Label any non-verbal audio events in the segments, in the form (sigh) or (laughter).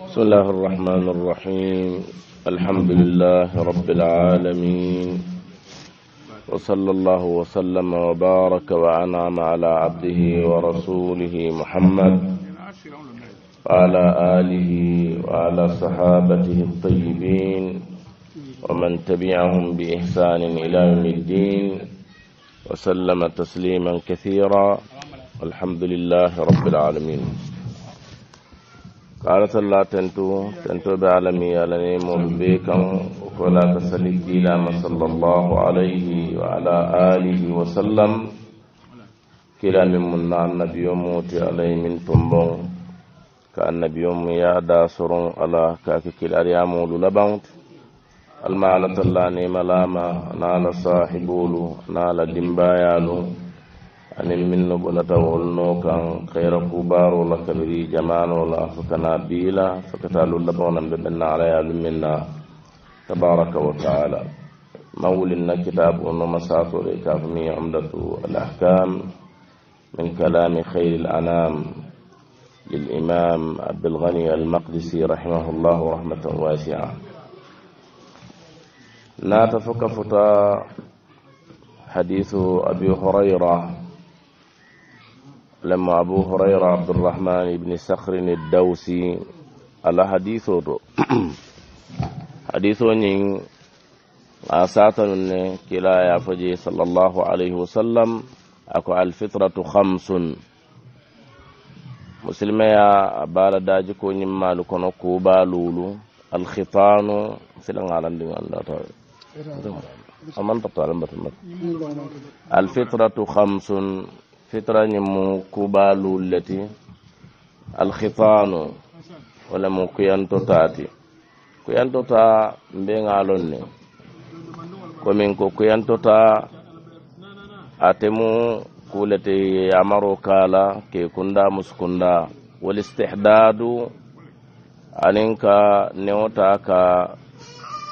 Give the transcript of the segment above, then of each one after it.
بسم الله الرحمن الرحيم الحمد لله رب العالمين وصلى الله وسلم وبارك وأنعم على عبده ورسوله محمد وعلى آله وعلى صحابته الطيبين ومن تبعهم بإحسان إلى يوم الدين وسلم تسليما كثيرا والحمد لله رب العالمين karatalla tento tento be alami alani moolu be kan o kola ka sali kilama sallallahu alayhi wa ala alihi wa sallam kila min mun na annabiyo mu ti alayi min tombon ka annabiyo mu ya da soron ala ka ka kilariya molu laban alma ala talla ne malama na ala sahibolu na ala dimbayalu anin min no bonata wolno kan khayra kubaro la kabiri jamano la fakana bila fakata lulla bona be benna ala ya minna tabaraka wa taala مولنا كتاب ومساطر كافمي عمدة الأحكام من كلام خير الأنام للإمام عبد الغني المقدسي رحمه الله رحمة واسعة لا تفك فتا حديث أبي هريرة لما أبو هريرة عبد الرحمن بن سخر الدوسي على حديثه حديثه نين آساتن كلا يا فجي صلى الله عليه وسلم أكو الفطرة خمس مسلمة يا بال داجكو نما لكونو كوبا لولو الخطان سلان على الله تعالى أمان تطالب الفطرة خمس fitra ñimmu kubaluul le ti alhitanu wo le mu kuyantotaa ti kuyantotaa mbeŋa loŋ ne komin ko kuyantotaa ate mu kuule ti amaro kaala ke kunda muskunda walistihdadu aniŋ ka newo taa ka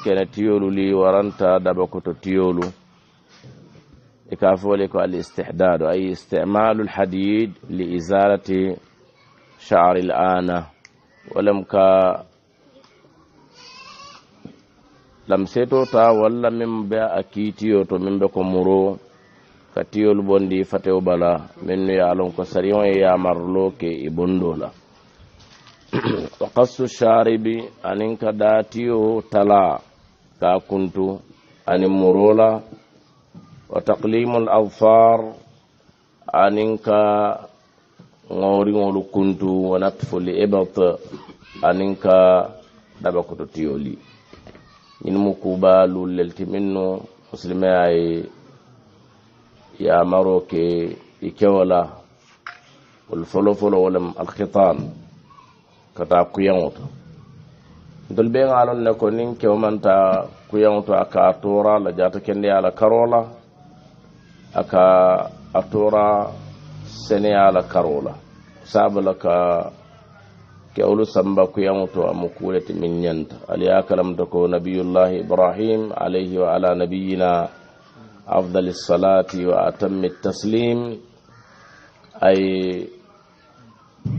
kene tiyolu li waranta dabakoto tiyolu e ka foole ko al istihdado ay istimalu lhadid li isalati shaari l ana walam ka lam setota walla min be a kiitiyo to min be ko muro ka tiyol bondi fatew bala min nu yalon ko sarion e yamarlo ke e bondola wa kassu sharibi anin ka da tiyo tala ka kuntu anin murola وتقليم الأظفار أنك ngori ngolu kuntu wa natfu li ibat aninka daba ko tiyoli ñin mu kuba lullelti minnu musilime ay yamaro ke i kewola wol folofolo wolem alkhitan kata kuyaŋoto ntol be ŋa ne ko niŋ kewo manta kuyaŋoto a ka tora la jata kendi a la aka a tora saniya la karo la sabula ka kewlu samba kuyamuto amu kuleti min yanta ali ya da ko nabiyullahi ibrahim alaihi wa ala nabiyina afdali salati wa atammi taslim ay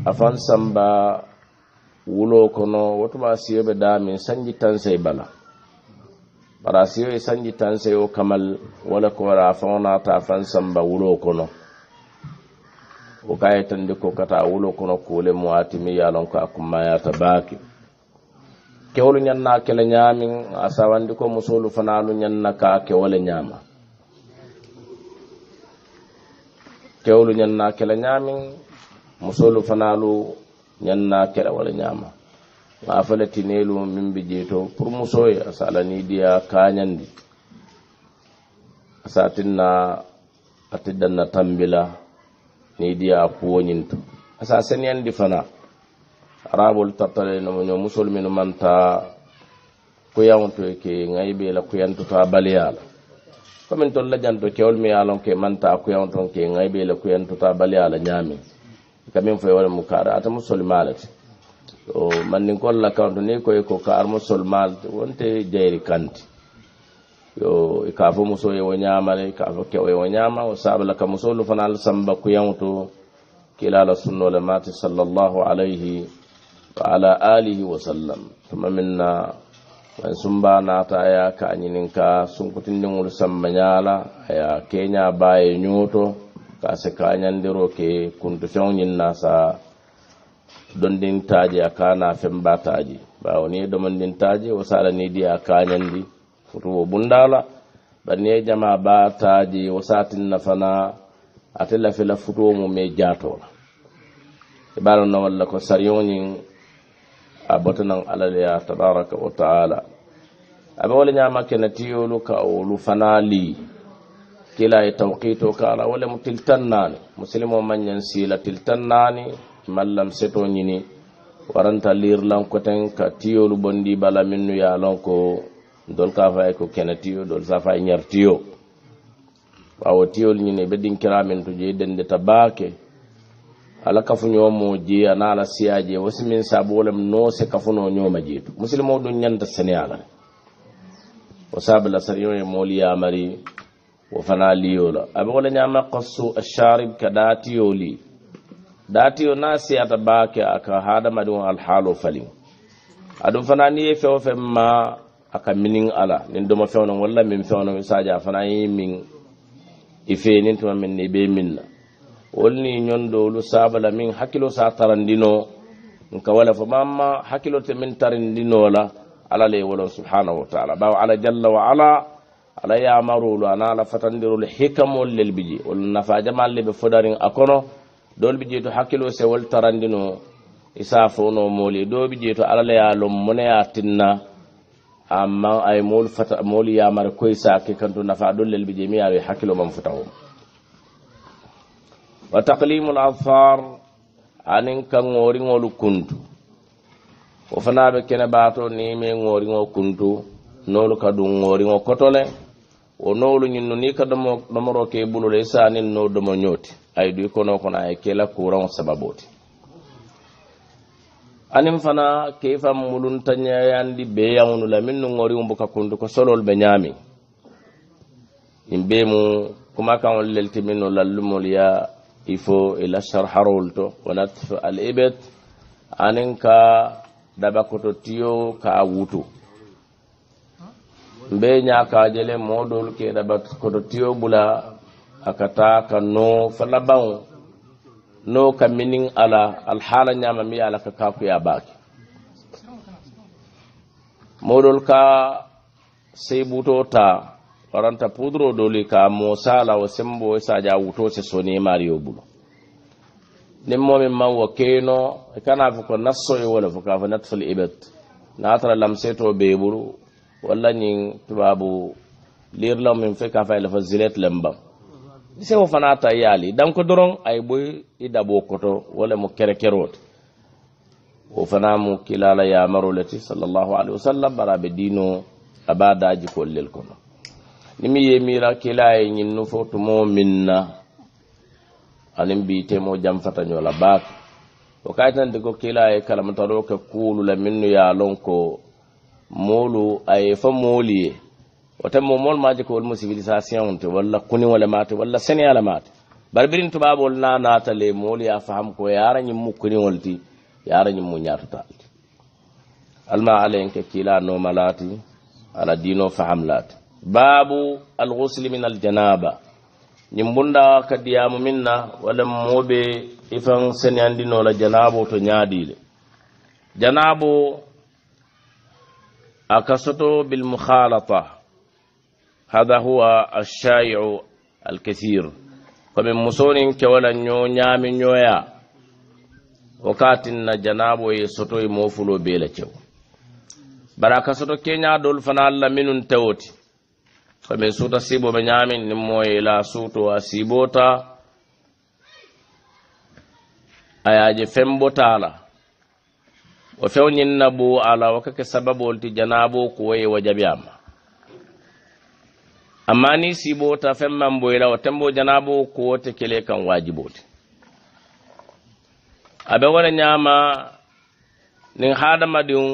afan samba wulo kono wotuba siyoɓe damin sanji tan bala barasiyo e sanji tanseyo kamal wala ko wara faŋo naata faŋ samba wuloo kono wo ka ye tandi ko kata wuloo kono kuule mu waati miŋ ye a loŋ ko a kummayata baake kewolu ñaŋ na kele ñaamiŋ a sawandi ko musoolu fanaalu ñaŋ na ka a le ñaama kewolu ñaŋ na kele ñaamiŋ musoolu fanaalu ñaŋ na kele wo ñaama maafaletinelu min be jeeto pour musoye asa alani diya kañandi asa atinna a teddanna tambila ni diya a kuwoñinto asa seniyandi fana arabolu tartalenomoño musol minu manta kuyawonto e ke ŋayibe la kuyantoto a baliya la commin toon lajanto kewol mi ye lon ke manta a kuyawonton ke ŋayibe la kuyantoto a baliya la ñaami kamin foye walemu kaara ata musolimaalete so mandinkol la kanto ni koye ko e ka armo solmal wonte jeyri kanti yo e ka fo muso yewo ñamale e ka fo kewo yewo ñama o sabla ka muso lu fanal samba kila la sunno sunnole mati sallallahu alayhi wa ala alihi wa sallam tuma min na man sumba nata ya ka ñininka sunkutindiŋolu samba nyaala ya kenya baye ñoto ka se nyandiro ke kuntu feŋo nyinna sa donndintaaji a kaana fembataaji ɓaawo ni domonndintaaji o saaraniidi a kaañanndi fotowo bunndaala ɓanni e jama baataaji o saatinna fana a tela fela futuo mum e jaatoola e ɓaanonno walla ko sariyon ñin a botanan alale a tabaraka wa taala aɓe wole ñaamakke na tiyolu ka olu fana li kila e tawkiito kaala wole mo tiltan naani musilimo mañen siila tiltan naani mallam seto ñini waranta lirlankoten ka tiyolu bondi bala minnu ya lon ko dol ka faye ko kene tiyo dol sa faye ñar tiyo wawo tiyol ñini ɓe dinkira min to jeyi dende ta baake ala kafu ñoomo jeyi ana ala siyaje wasi min sabolem noose kafuno ñooma jeyto musilma ɗum ñanda seneala o saabi la sario e mooli yamari wo fana liyola aɓe wala ñama kassu acharib ka ɗa tiyoli dati o nasi ata bake aka hadamadi on alhaalo falin aɗum fana ni ye fewo fe ma aka minin ala nin doma fewno walla min fewno saji a fana yi min ife nin tuma min ni be minna wolni ñondolu sabala min hakkilo sa tarandino nka wala fo mamma hakkilo te min tarandinola ala la wolon subhanahu wa taala bawa ala jalla wa ala ala yamarolu ana ala fatandirolu hikamol lel biji wol nafa jamal le ɓe fodarin a kono doolu ɓe jeey to hakkilo sewol tarandino isafono mooli ɗo ɓe jeey to alalaya lom moneya tinna amman ay moolu fata moolu yamare koye sake kanto nafa ɗollel ɓe jeey mi yaawi hakkilo mam fotawom wa taqlimul ahar anin kangooriŋolu kuntu wo fanaɓe kene baato nime ŋooriŋo kuntu noolu kadum ŋooriŋo kotole wo noolu ñinnu ni kadomo domoro ke bulole isanin no domo ñooti ay duyi kono kono a ye kela kuraŋo sababoti aniŋ fana keifa mulunta ñayandi beyaŋolu la minnu ŋoriŋo buka kundu ko soloolu be ñaamiŋ iŋ bee mu kumakaŋolu lel ti minnu lallumolu ye ifo ila sarharolu to wanatfe al ibet aniŋ ka dabakoto tiyo ka a wutu nbe ñaa kaajele moo doolu ke dabakoto tiyo bula a ka taa ka no falabaŋo no ka miniŋ ala la alhaala ñaama miŋ ye ka kaakuya baake moodol ka waranta pudro doli ka moosa la wa sembo isa ja wuto se soni maariyo bulu niŋ momi ma wo kana fu ko naso e wala fu ka fa natful ibet naŋ a tara lamseetoo bee bulu walla ñiŋ tubaabu liirilaŋo min fe ka fa ila fa zilet lambam isewo fana ta yaali danko doron ay boy i daboo koto wala mo kere kerote o fana mo kilala yamaro leti salllahu alahi wa sallam baraɓe dino aba daji kollel kono nimi yemira kila e ñinnu fo tumo minna anin biitemo jamfatañola baak o kaytande ko kila e kalamataro ke kuulula minnu yaalon ko moolu aye fa mooliye woten mo mol maje ko wolmo civilisation to walla kuniwole mate walla seneyala mate barbirin tubabol na naata le moolu ya faham ko yara ñimmu kuniwol ti yara ñimmu ñatutaalti alma alayen ke kiila nomalaati ala diino faham laati baabu alghusli min aljanaba ñim bunda ka diyamu min na walla mooɓe ifan seneyandinola janabo to ñaadiile janabo a kasoto bilmukhalata هذا هو الشائع الكثير فمن مسون كولا نيو نيام نيويا وكاتن جناب يسطوي موفلو بيلتشو برaka soto keña dol fana alla minun tewoti famin suta sibo ɓe ñamin nin moye la suto a sibota ayaje fembotala o fewñinna nabu ala wakake sababu sababol ti ko waye wa amma ni sibo ta fen man boyira wo tembo janabo kowote kele kan wajibote abe wara ñama nin hadamadin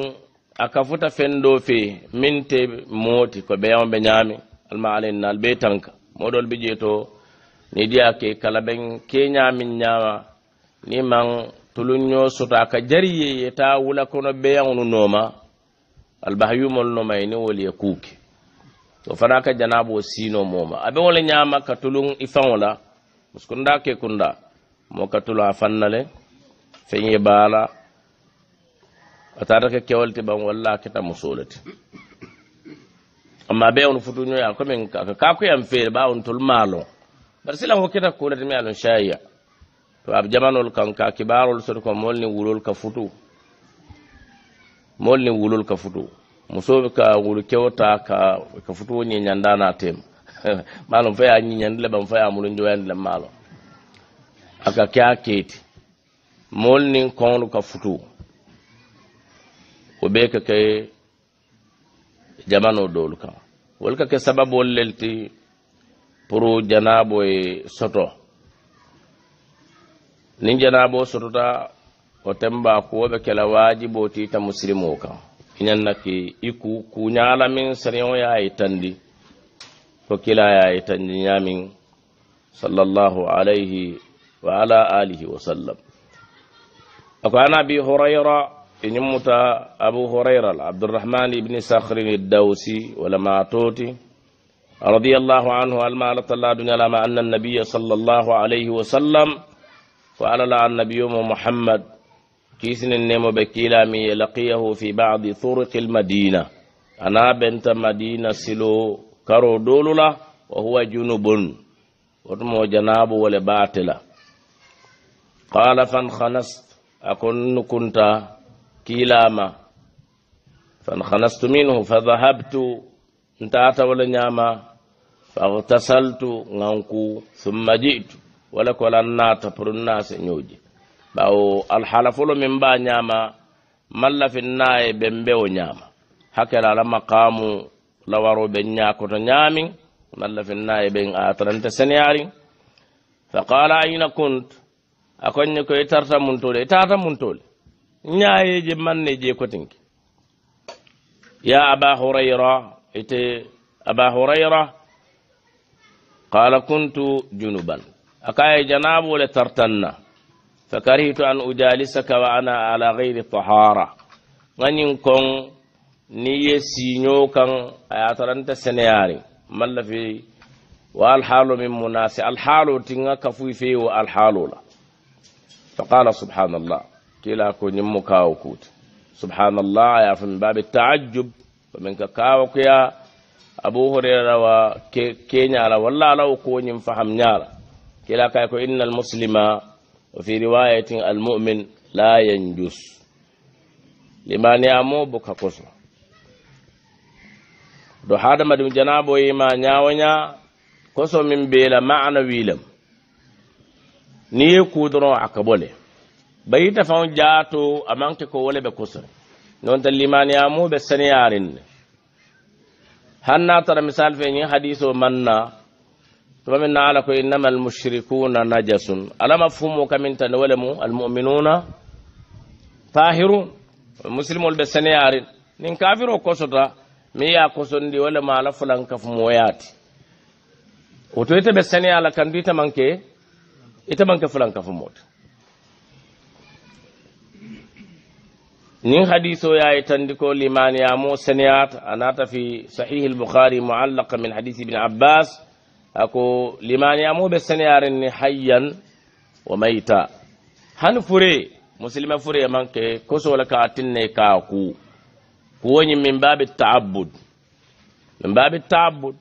aka futa fen do fe min te moti ko ɓe yama ɓe ñami alma alainnal ɓe tanka moɗol ɓe jeeto ni diyake kala ɓen ke ñamin ñama ni man tulunño soto aka jariyeye ta wula kono ɓe yawnu noma albahayumol nomay ni woliye kuuke to fana ka janaboo sino moma abe wole ñama ka tulun ifaŋo la muskunda ke kunda mo ka tulu a fanna le feŋ ye bala atata ka kewole ti baŋ walla a keta musoo le ti amma be wono futu ñoya commin ka kakuyam feere ba wono tolu maalon bari silan ko keta kuule ti mi alon shayya to aɓe jamanol kan ka kibarol soto ko mol ni wulol ka futu mol ni wulol ka futu muso ka wulu kewo ta ka ka ni nyanda na tem (laughs) malo fa ya ñiñandi le ba fa ya mulu joyandi le malo aka kya kiti mol ni konu ka futu wo bee ka ke jamano dol ka wolu e ka ke sababolu lel ti pour janaabo ye soto niŋ janaaboo sotota wo temba ko be kala wajibo ti ta musilimoo kaŋ inanaki iku kunyala min sariyo ya itandi to ya itandi nyamin sallallahu alayhi wa ala alihi wa sallam ako bi abi hurayra inyumuta abu hurayra abdurrahman ibn sakhri iddawsi wala ma toti رضي الله عنه المال تلادن لما أن النبي صلى الله عليه وسلم وعلى النبي محمد كيسن النمو بكيلا مي لقيه في بعض طرق المدينة أنا بنت مدينة سلو كرو دولولا وهو جنوب وتمو جناب ولا قال فانخنست أكن كنت كيلاما فانخنست منه فذهبت انتعت ولا نعما فاغتسلت غنكو ثم جئت ولك ولا ناتا برناس نيوجي bawo alhalafulu min ba nyama mallafin naye bembe o nyama hakela la maqamu lawaro ben nyakoto nyami mallafin na naye ben a taranta seniyari fa qala ayna kunt a ko tarta mun tole tata mun tole nyaye je manne je kotinki ya aba hurayra ite aba hurayra qala kuntu junuban akaye janabu le tartanna فكرهت أن أجالسك وأنا على غير الطهارة غني كون ني سينيو كان أترنت سنياري مل في والحال من مناسي الحال تنغا كفوي في والحال لا فقال سبحان الله كلا كون مكاوكوت سبحان الله يا فمن باب التعجب فمن كاوك يا أبو هريرة وكينيا والله لو كون ينفهم نيالا كلا كايكو إن المسلمة وفي رواية almumin لا ينجس لمن يامو بك كسو do hadama ɗum janaboyi ma ñawoña koso min beela maana wiilam ni ye kudoron aka bole bayita fan jaato amanke ko wole ɓe kosore noon ta limaniyamuɓe seneyarin ne hanna tara misal fe ñin hadiso manna فمن على إنما المشركون نجس ألا مفهوم كمن تنولم المؤمنون طاهرون المسلم البسنيار نين كافر وكسوتا ميا كسوندي ولا ما على فلان كف مويات وتويت بسني على كان ديتا مانكي إتا مانك فلان كف موت نين حديثو يا يتندكو لمن يا مو سنيات أنا في صحيح البخاري معلق من حديث ابن عباس ako limaniyamuɓe seneyarinni hayyan wa mayita han fure musilima fure manke kosola ka tinne kaku kuwoñi min babi taabud min babi taabud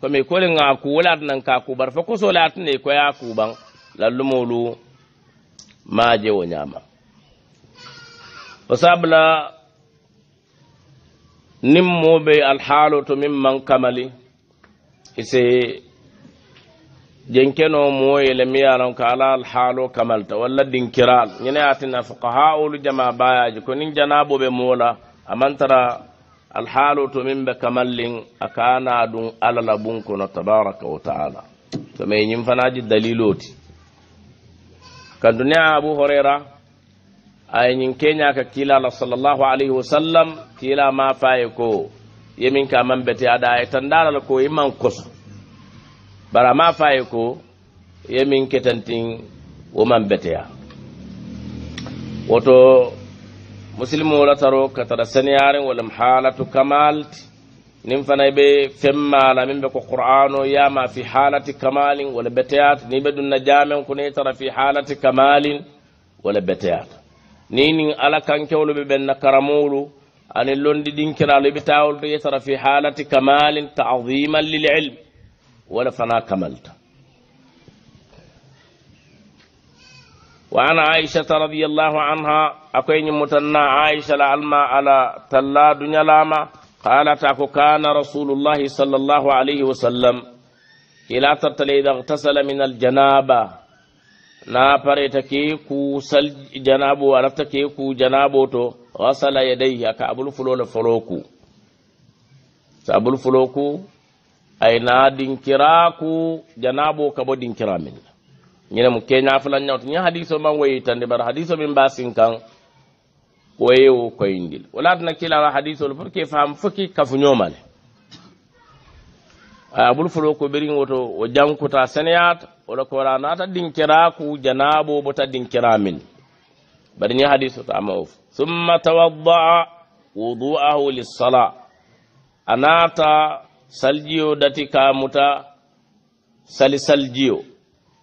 komi koli aku wolatnan kaku bar fo kosole atinne koya kuban lallumolu maje wo ñama osabla nimmuɓe alhalo to min man kamali ise jenkeno moye le mi yaron ka ala alhaalo kamalta walla dinkiral ñene atina fuqahaolu jama bayaji ko nin janabo ɓe moola amantara alhaalo to min ɓe kamallin a kana ɗum alala bun kono tabaraka wa taala to me ñin fanaji daliloti kan abu horera ay ñin ka kila la sallallahu wa wasallam kila ma faye ko yemin ka man bete aɗa e tan ko yiman kusa. bara ma fayeko yemin ketantin wo man beteya woto muslimu la taro ka tara seniyarin walam halatu kamalti nim fana be la min be ko qur'ano ma fi halati kamalin wala beteyata ni be dun najamen ko ne tara fi halati kamalin wala beteyata ni ni ala kewlo be ben karamolu ani londi ɗinkiralu ɓe tawol to yetara fi halati kamalin ta'ziman lil ilm ولا فنا كملت وعن عائشة رضي الله عنها أكوين متنا عائشة لعلما على تلا دنيا لاما قالت أكو كان رسول الله صلى الله عليه وسلم إلا ترتلي إذا اغتسل من الجنابة نا بريتكي كو سل جنابو عرفتكي كو جنابو تو غسل يديه أكا كابل فلول فلوكو سابل فلوكو ay na dinkiraku janabo kabo dinkira min ñine mu keña fulan ñawto ñi hadiso man woyitande bara hadiso min mbasin kan woyewo koyindil walatana kilawa hadisol pour que faam foki kafuñomale aya bul fulo ko ɓerin woto o jankuta seneyata wala ko wala nata dinkiraku janabo ta dinkira min bari ñi hadiso to ama of summa tawaddaa wudu'ahu lissala a naata saljiyo dati kamuta sali saljiyo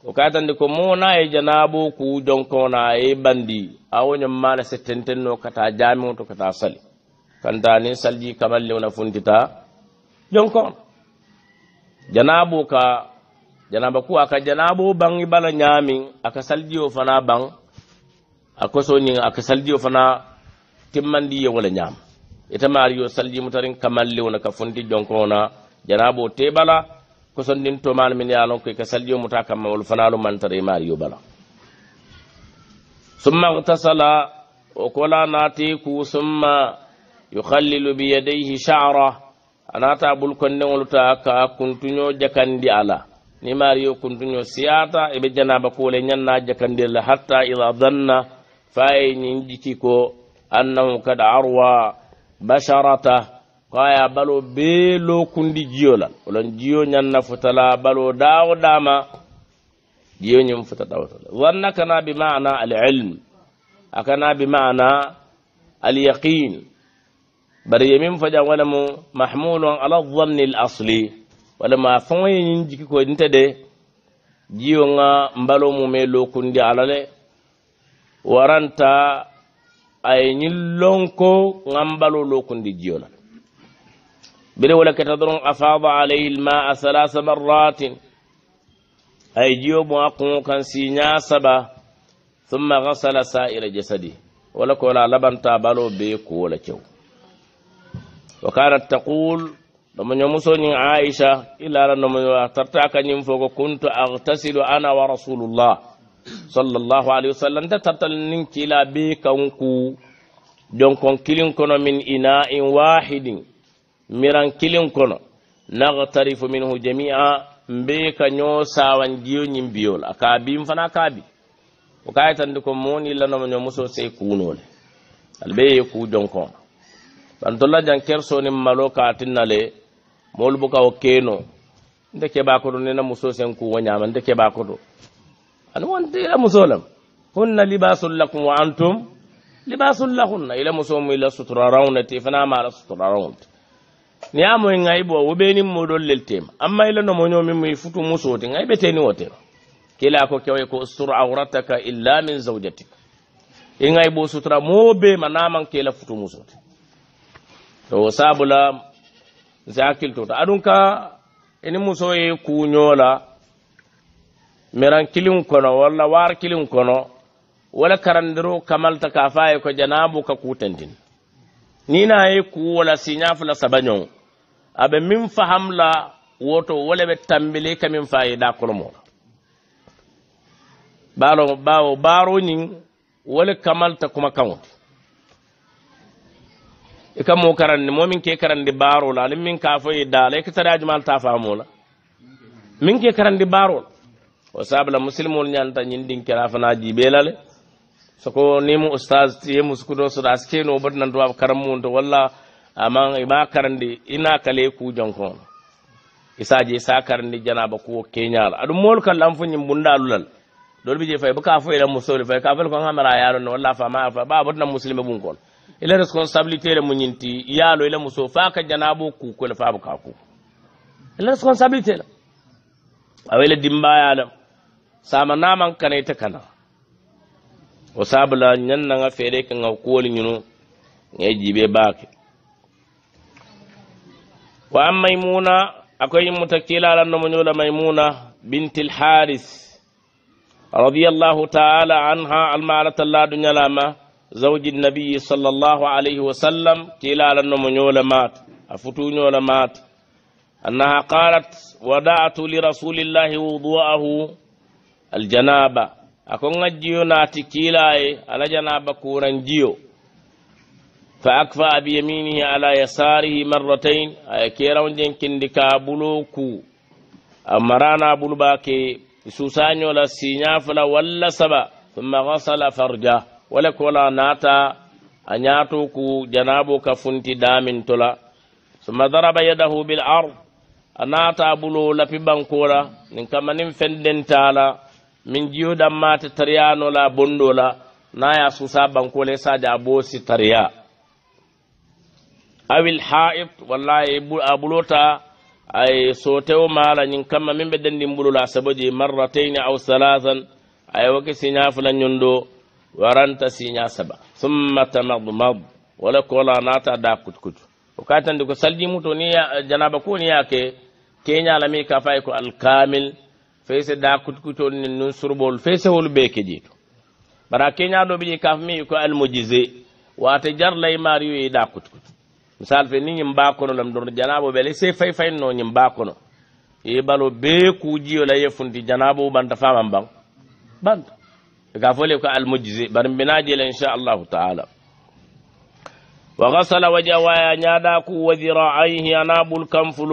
o katandi ko mona e janabo ku jonkona e bandi awoñom mana se tentenno kata jamio to kata sali kantani salji kamalle wona funtita jonkon janabo ka janaba ku aka janabo bangi bala ñami aka saljiyo fana bang akosoñi aka saljiyo fana timmandiye wala ñama ita mario saljimutarin kamallewna ka fonti jonkona janabo te bala kosondin tomal min yalon koy ka saljimuta kamma wol fanalu mantare mario bala summa ihtasala o kola naati ku summa yukhallilu biyadayhi shara anata bulkonnewoluta ka kuntuño jakandi ala ni mario kuntuño siyata eɓe janaba kuwole ñanna jakandirla hatta ida danna fayi ñin jiki ko annahu kad arwa basharata ko aya ɓalo be lookundi jiyolal olon jiyo ñanna futala ɓalo daawo daama jiyo ñum futa ɗawtala wanna kana bi mana alilm a kana bi mana alyaqin bari yemin fajan walemu mahmulun ala dhanni l asli walemu a foŋoye ñin jiki ko nte de jiyo ŋa mbalo mume lookundi ala le waranta ay ñin lonko ngambalo lo ndi jiyo la bere wala kata doron afada alayhi almaa thalath marrat ay jiyo mo akun kan nya saba thumma ghasala sa'ira jasadi wala ko la labanta balo be ko wala cew wa kanat taqul nomo ñomuso aisha ila la nomo tarta ka fogo kuntu aghtasilu ana wa rasulullah sallallahu alaihi wasallam ta tattalin kila bi kanku don kon kilin kono min ina'in wahidin miran kilin kono nagtarifu minhu jami'a mbe ka nyo sawan giyo nyim biyol akabi mfana kabi o kay tan ko moni lano nyo muso se kunole albe ku don kon ban tolla jan kerso ni malo ka tinale mol buka o keno nde ba ko ne na muso se ku wanyama ndeke ba ko an wonte ila musolam hunna libasul lakum wa antum libasul lahunna ila musomu ila te fana mala rauna ni ya nga ngai bo wo benin modol dol leltem amma ila no mo nyomi mi futu musoti ngai beteni wote kila ko kewe ko ustur awrataka illa min zawjatik in ngai bo sutura mo be manaman kila futu musoti to sabula zakil to tota. adunka ka ini muso ye kunyola miran kilin kono wala war kilin kono wala karandiro kamal ka faye ko janabu ka kutantin ni na yi ku wala sinyafu fula sabanyo abe min fahamla woto wala be tambile ka min faye da kolmo balo bawo baro ni wala ta kuma kawti ika mo karande mo min ke karande baro la min ka faye da la ka tara ajmal ta la min ke karande baro la o sabla musilmol ñanta ñinndin kirafanaji ɓeelale soko nimo oustage tiyemu sukuɗo soɗa skeno o baɗinantowaɓa karam mum to walla ama ma karandi ina kale kujonkon isaji sa karandi janaba kuwo keñala aɗum mool kal am fo ñim bunɗa lulal ɗole ɓije fay boka fo elan musole fay ka fole kon hamara yaronne walla fama fa ɓa baɗinan musilme ɓum kon ila res kon sablitere muñinti yaalo ila muso fa ka janabo ku kole fa boka ku ila res kon sablitela awa ila dimbayalam sama naman kana ita kana o sabula ñan nanga feere ka ŋa kuwolu ñunu ŋe jibe baake wa an maimuna akoy lan kiilala nomoñola maimuna binti lharis radiallahu taala anha almaratalla duñalama zawji nabiyi sallllahu alayhi wa sallam kiilala nomoñola maata a futuñola أنها قالت ودعت لرسول الله وضوءه aljanaba akon kilaye naati kiilaye ala janaba jiyo fa akfa abiyaminihi ala yasarihi marratain aye kerawjen kindi ka bulo ku a buluba ke susañola siñafula walla saba thumma ghasala farja wala kola nata a ñaato ku janabo ka funti damintola thumma daraba yadahu bil ard a nata bulo lapi bankola nin kamanin fendentala min jiyo ɗan mata tariyano la bondo la na ya susa bankole saje a bosi tariya awil ha'id wallahi a bulota ay tew mala ñin kama min be dandi mbulula sabaji marratayn aw salasan ay woke sinya fulañun nyundo waranta sinya saba summa tamadmad wala kola nata da kutkut o da ko muto ni janaba ko ni yake keñalami ka fay ko al-kamil. feyse da kutukutol nin nun surbol feyse wolu be kejito bara keñaɗo ɓe ƴi kafmi ko almujise wata jarlay mariyo e da kutukutu misal fe ni ñim bakono lam ɗon janabo ɓele se fay fayno ñim bakono ye ɓalo be kujiyo la yefunti janabo ɓanta faman ban banta ka fole ko almujise bar mbinajele inchallahu taala وغسل وجهه ناداك وذراعيه أناب الكنفل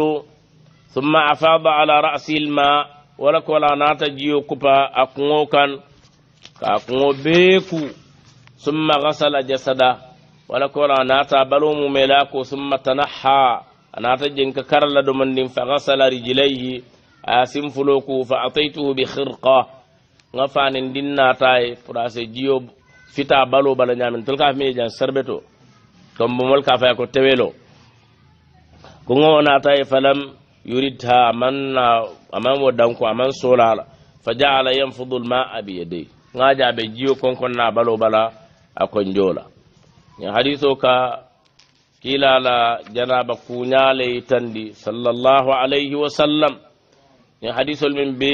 ثم أفاض على رأس الماء wala kola nata jiyo kupa a kungo kan ka a beku summa ghasala jasada wala kola nata balo melako ko summa tanaha anata jinka karla domandin fa ghasala rijilayhi a sinfulo fa ataituhu bi khirqa ŋa din nata ye pour jiyo fita balo bala nyamin tol ka famiye jan tombo tombomol ka faya ko tewelo ko ŋo nata falam yuridha amaman wo danko aman solala fa jaala yanfudu lmaa biyadei gaja aɓe jiyo konkonna balo bala a konjola hadis o ka kilala janaba kuñale tandi sallllahu alayhi wa sallam hadisol min be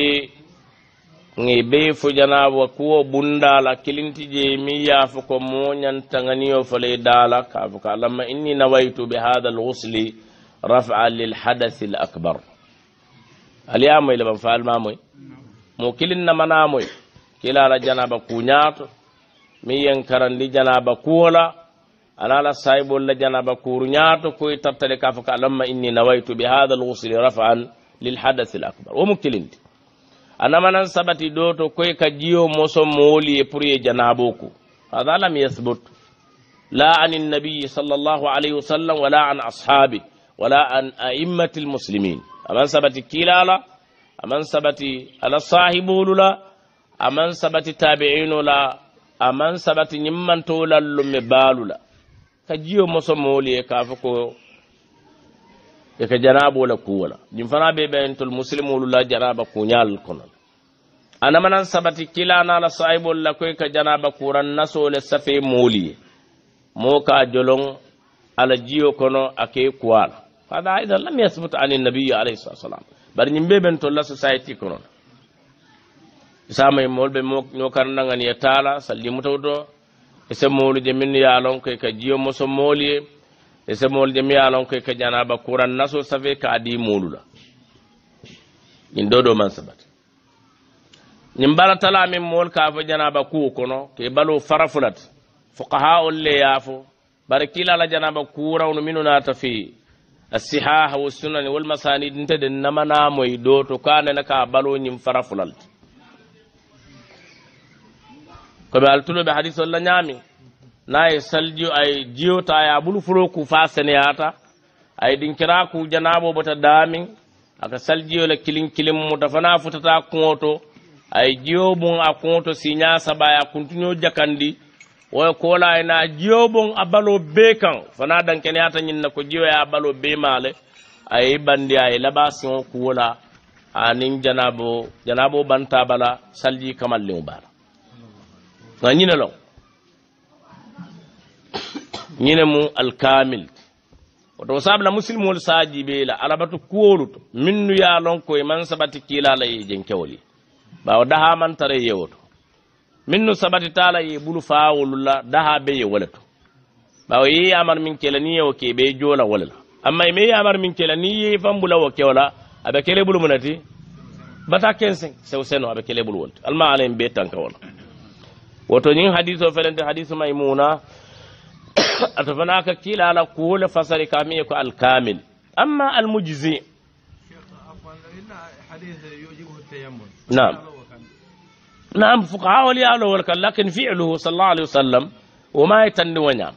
e be fo janaba kuwo bundala kilinti je mi yafo ko moñantaganiyo fole dala kafo ka allahma inni nawaytu be hada lhusli رفعا للحدث الأكبر هل يامي لبن فعل مامي موكلنا منامي كلا لجناب كونيات من ينكرن لجناب كولا على لا سايب ولا كورنيات كوي تبتلي كافك لما إني نويت بهذا الغسل رفعا للحدث الأكبر ومكلنت أنا من سبتي دوتو كوي كجيو موسم مولي يبري جنابوكو هذا لم يثبت لا عن النبي صلى الله عليه وسلم ولا عن أصحابه wala an aimmati lmuslimin aman sabati kilala aman sabati ala sahibolula aman sabati tabiinula aman sabati ñimmantolallume balula ka jiyo moso moolu ye ka fo ko e ka janabola kuwala ɗum fana ɓe ɓeyntol muslimolu la janaba kuñal kono anamanan sabati kilanala sahibolla koye ka janaba kuran nasole safe mooli ye mo ka jolon ala jiyo kono ake kuwala hada aidan lam yasbut ani nabiyu alayhi salatu wasalam bari ñim mbe ɓen tolla society ko noon isamay molɓe ñokarnagani ya taala sallimutowto e se molude min yalon koy ka jiyo moso mooliye e se molude mi yalon koy ka janaba kuran naso safe ka adi molula ñin ɗo ɗo man sabata ñin bala tala min mool kafo janaba kuu kono ke balo farafulat fo kaha olle yaafo bare kila ala janaba kurawnu minu nata fi asihaha wo sunani wol masanid nte de namanamoy ɗo to kanena ka baloñin fara fulalti komi altuloɓe hadis olla ñami naye salji ay jiyota ya ɓulu fulo ku fa seneyata ay ɗin kira ku janabo bota dami aka saljiyole kilin kilin muta fana futata kuoto ay jiyo mum a kuoto siña saba ya continue jakandi woyo koolaa ena a jiyoo boŋ a baloo bee kaŋ fanaŋ a daŋ kene ye ata ñiŋ na ko jiyoo ye a baloo bee maa le a ye i bandi a ye labaa siŋo kuwo la aniŋ janaaboo janaaboo banta a bala salji kamalliŋo baa la ŋa ñine loŋ ñine mu alkamil woto saabula musilimoolu se a jibee la alabatu kuwolu to minnu ye a loŋ ko i maŋ sabati kiilaa la ye jeŋkewolu ye bawo dahaa maŋ tara i ye woto minnu sabatitala ye bulu faa wolulla daha be ye wole to bawo ye yamar min kela ni ye wo ke be jola wole la amma ime yamar min kela ni ye fambula wo ke wala abe kele bulu munati bata kensin sew seno abe kele bulu wolte alma ala en be tanka wala woto ñin hadiso felente hadiso maymuna ato fana ka kilala kuwole fasari ka min ye ko alkamil amma almujzi نعم نعم فقهاء ولي ألو ولك لكن فعله صلى الله عليه وسلم وما يتن ونعم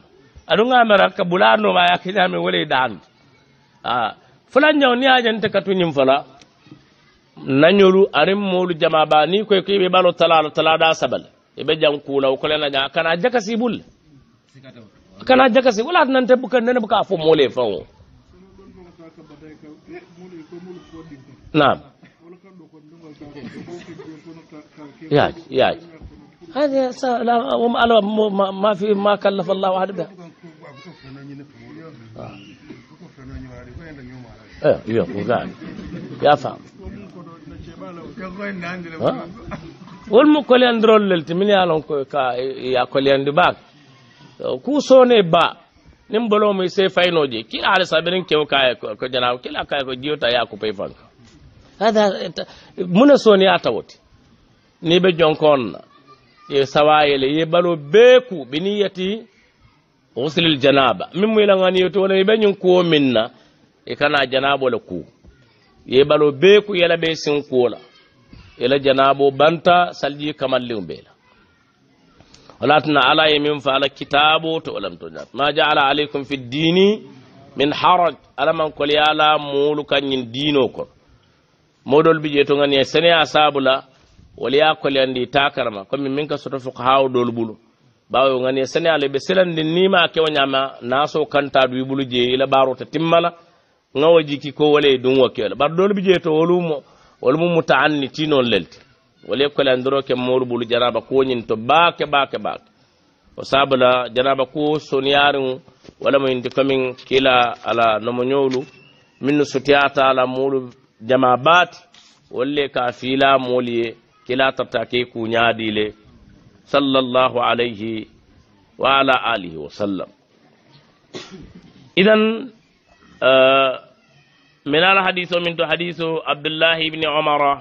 أدونا مرك بلانو ما يكذا من ولي دان آه فلان يوني أجن تكتوني فلا نانيولو أرم مولو جماباني كوي كي ببالو تلالو تلادا سبل إبه جان كولا وكلنا جان كان أجاك سيبول كان أجاك سيبول أتنا تبكر ننبكا فو مولي فاو نعم yaji yaji هذا لا وما ما في ما كلف الله عبدا eh iya ku gane ya famu ah. wol mu kolyandirol lelti min ye lon ka ya kolyandi baak ku sone ba nin bolomu se fayno je kila ala sabirin kew kaye ko janaw kila kaye ko ya yakupay fanka hada muna soni ata woti ni ɓe jonkonna ye sawayele ye balo bee ku bini yati guslil janaba min mu ilangani yeto wona ɓe ñin kuwo min na e kana janabo la ku ye balo bee yela ɓe sin kuwola yela janabo banta salji kamalliw ɓeela wala tuna ala ye min fa ala kitabo to walam to ñat ma jaala aleykum fi ddini min haraj alaman koliya la muulu kañin diino moɗol bijee to gani e sénéa saabu la walaya koli andi takarama comme min ka soto foko hawɗol ɓulo bawa yo gani e sénéa le ɓe selandi nima kewñama naso kanta ɗo wibulu jeeyi ila ɓarota timmala gawa jiki ko wala e ɗum wakke wala ɓar ɗol bijee to wolumo wala mum muta anni ti noon lelte walaya e koli andiro ke moɗo ɓulu janaba koñin to baake baake baake o saabu la janaba ko soni yaringu wala mo yinde commin kila ala nomo ñowlu min no sotiyata ala muɗum جمابات ولي كافيلا مولي كلا moolu كونيا ديلي صلى الله عليه وعلى آله وسلم إذن آه، من الحديث من حديث عبد الله بن عمر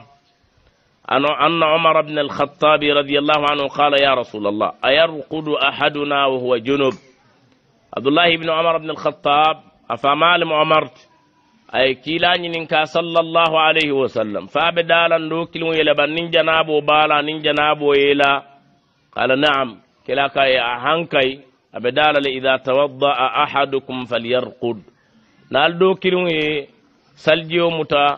أن عمر بن الخطاب رضي الله عنه قال يا رسول الله أيرقد أحدنا وهو جنب عبد الله بن عمر بن الخطاب أفمال عمرت ay kiilañinin ka sallallahu alayhi wa sallam fa be dalan ɗo kilimu ban nin janabo bala nin janabo yela qala naam kila ka ya a hankay aɓe dalale ida tawadda'a ahadukum falyarqud nal do kilimu ye saljiyo muta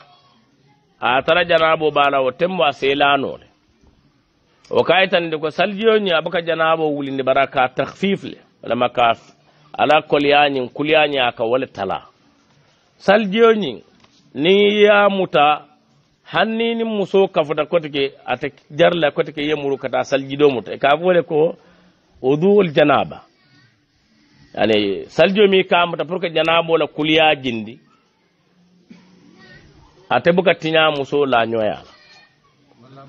a tara janabo bala o tembo a le o de ko saljiyoñi abaka janabo wulinde baraka takhfif le wala maka ala kolyañin kulyañi aka wala tala saljiyo ni niŋ muta hanni ni muso kafuta kote ke ate jarla kote ke ye muru ka taa saljidoo muta e ka fo le ko uduwol janaba ani saljiyo miŋ ka muta pour que janaboo la kuliyaa jindi ate buka tiñaa musoo la ñoyaa